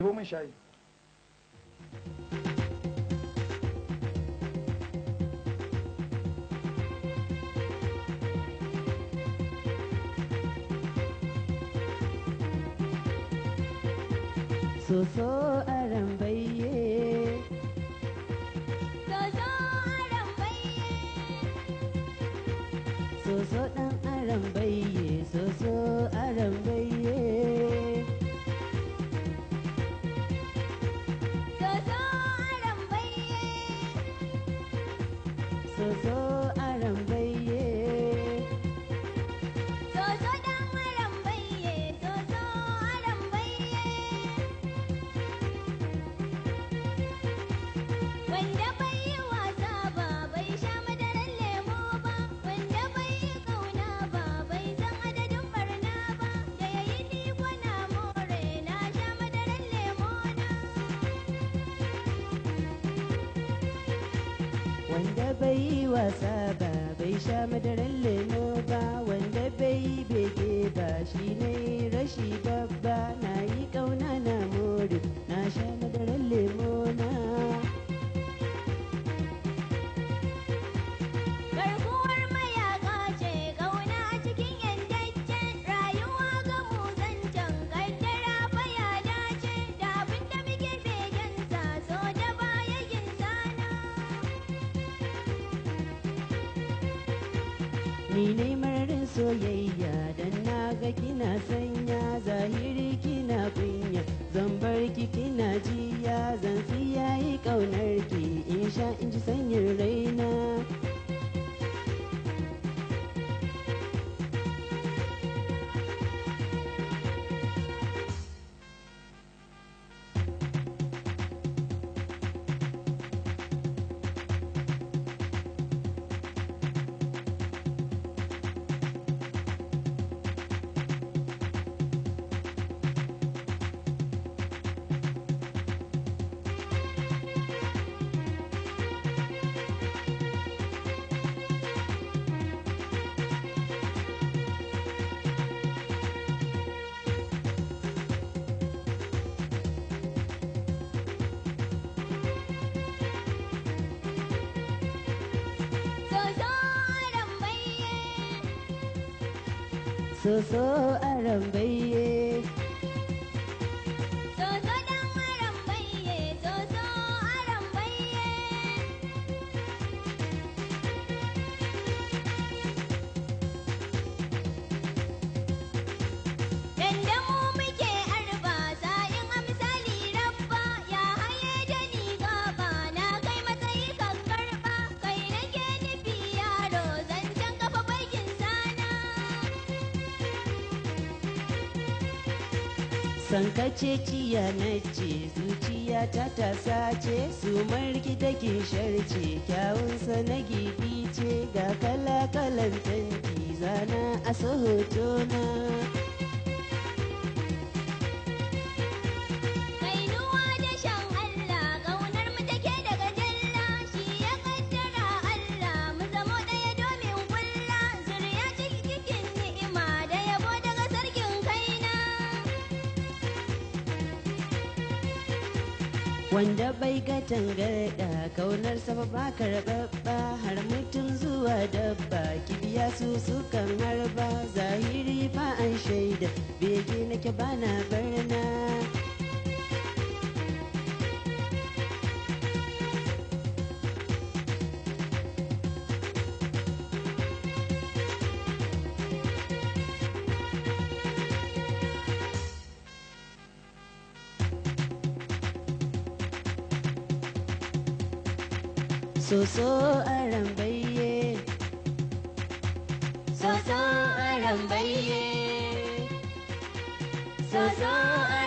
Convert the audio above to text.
Vou manchar Soso aram baye Soso aram baye Soso dan aram baye Soso aram baye. bai wasa ba bai sha madarar lemo ba wanda bai bege ba shi ne rashi babba na yi ƙauna na more ni ne soyayya dan na ga kina sanya zahiri kina kuyi 瑟色，爱人美。sankace ciya na ce zuciya ta tasa ce su marki take sharce kyawunsa na gibi ce ga kala-kalan tanti zana a hoto na wanda bai ga tangarda kaunar sa ba karbabba har mutum zuwa dabba kibiya su kan harba zahiri fa an shaida bege nake bana bar soso a rambaye soso a rambaye soso a